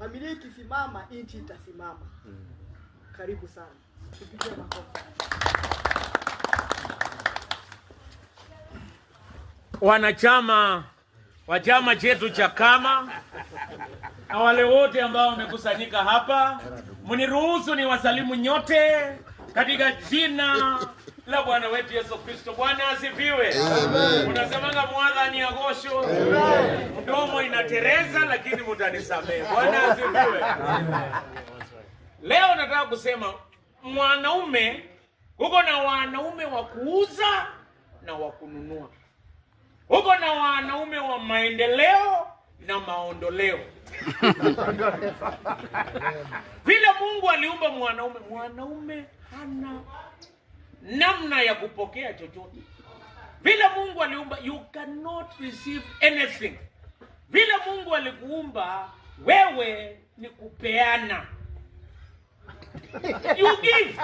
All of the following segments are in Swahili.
Familia ikisimama, nchi itasimama. Hmm. Karibu sana, tupigie makofi. Wanachama wa chama chetu cha Kama na wale wote ambao wamekusanyika hapa, mniruhusu ni wasalimu nyote katika jina la Bwana wetu Yesu Kristo. Bwana asifiwe. Unasemanga mwadhani agosho, mdomo inatereza, lakini mutanisamehe. Bwana asifiwe. Leo nataka kusema mwanaume, huko na wanaume wa kuuza na wa kununua, huko na wanaume wa maendeleo na maondoleo vile Mungu aliumba mwanaume, mwanaume hana namna ya kupokea chochote. Vile Mungu aliumba, you cannot receive anything. Vile Mungu alikuumba wewe ni kupeana, you give.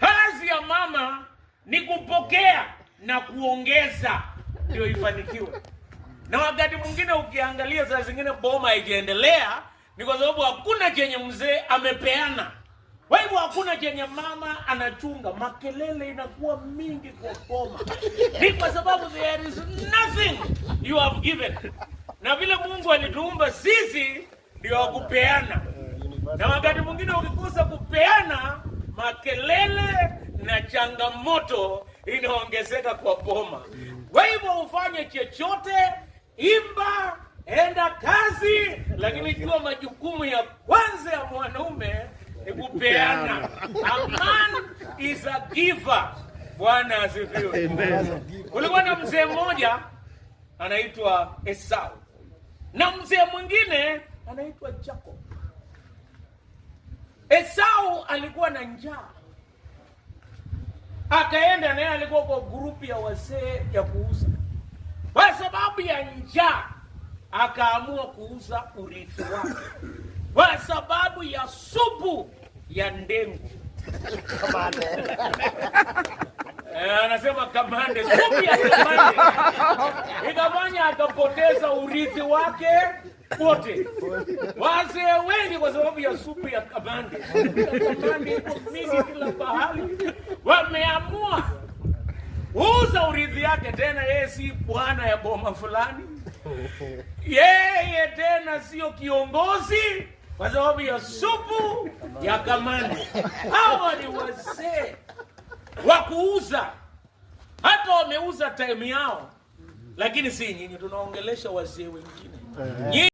Kazi ya mama ni kupokea na kuongeza ndio ifanikiwe. Na wakati mwingine ukiangalia, saa zingine boma haijaendelea, ni kwa sababu hakuna chenye mzee amepeana. Kwa hivyo hakuna chenye mama anachunga, makelele inakuwa mingi kwa boma, ni kwa sababu there is nothing you have given. Na vile Mungu alituumba sisi ndio wakupeana, na wakati mwingine ukikosa kupeana, makelele na changamoto inaongezeka kwa boma. Kwa hivyo ufanye chochote, imba, enda kazi, lakini jua majukumu ya kupeana. A man is a giver. Bwana asifiwe. Kulikuwa na mzee mmoja anaitwa Esau na mzee mwingine anaitwa Jacob. Esau alikuwa na njaa, akaenda naye, alikuwa kwa grupu ya wazee ya kuuza. Kwa sababu ya njaa, akaamua kuuza urithi wake kwa sababu ya supu ya ndengu kamande eh, anasema kamande sumu ya kamande ikafanya akapoteza urithi wake wote wazee wengi kwa sababu ya supu ya kamande. Kamande iko mingi kila pahali, wameamua uza urithi yake. Tena yeye si bwana ya boma fulani, yeye tena sio kiongozi kwa sababu ya supu ya kamani. Hawa ni wazee wa kuuza, hata wameuza time yao, lakini si nyinyi, tunaongelesha wazee wengine. Eh.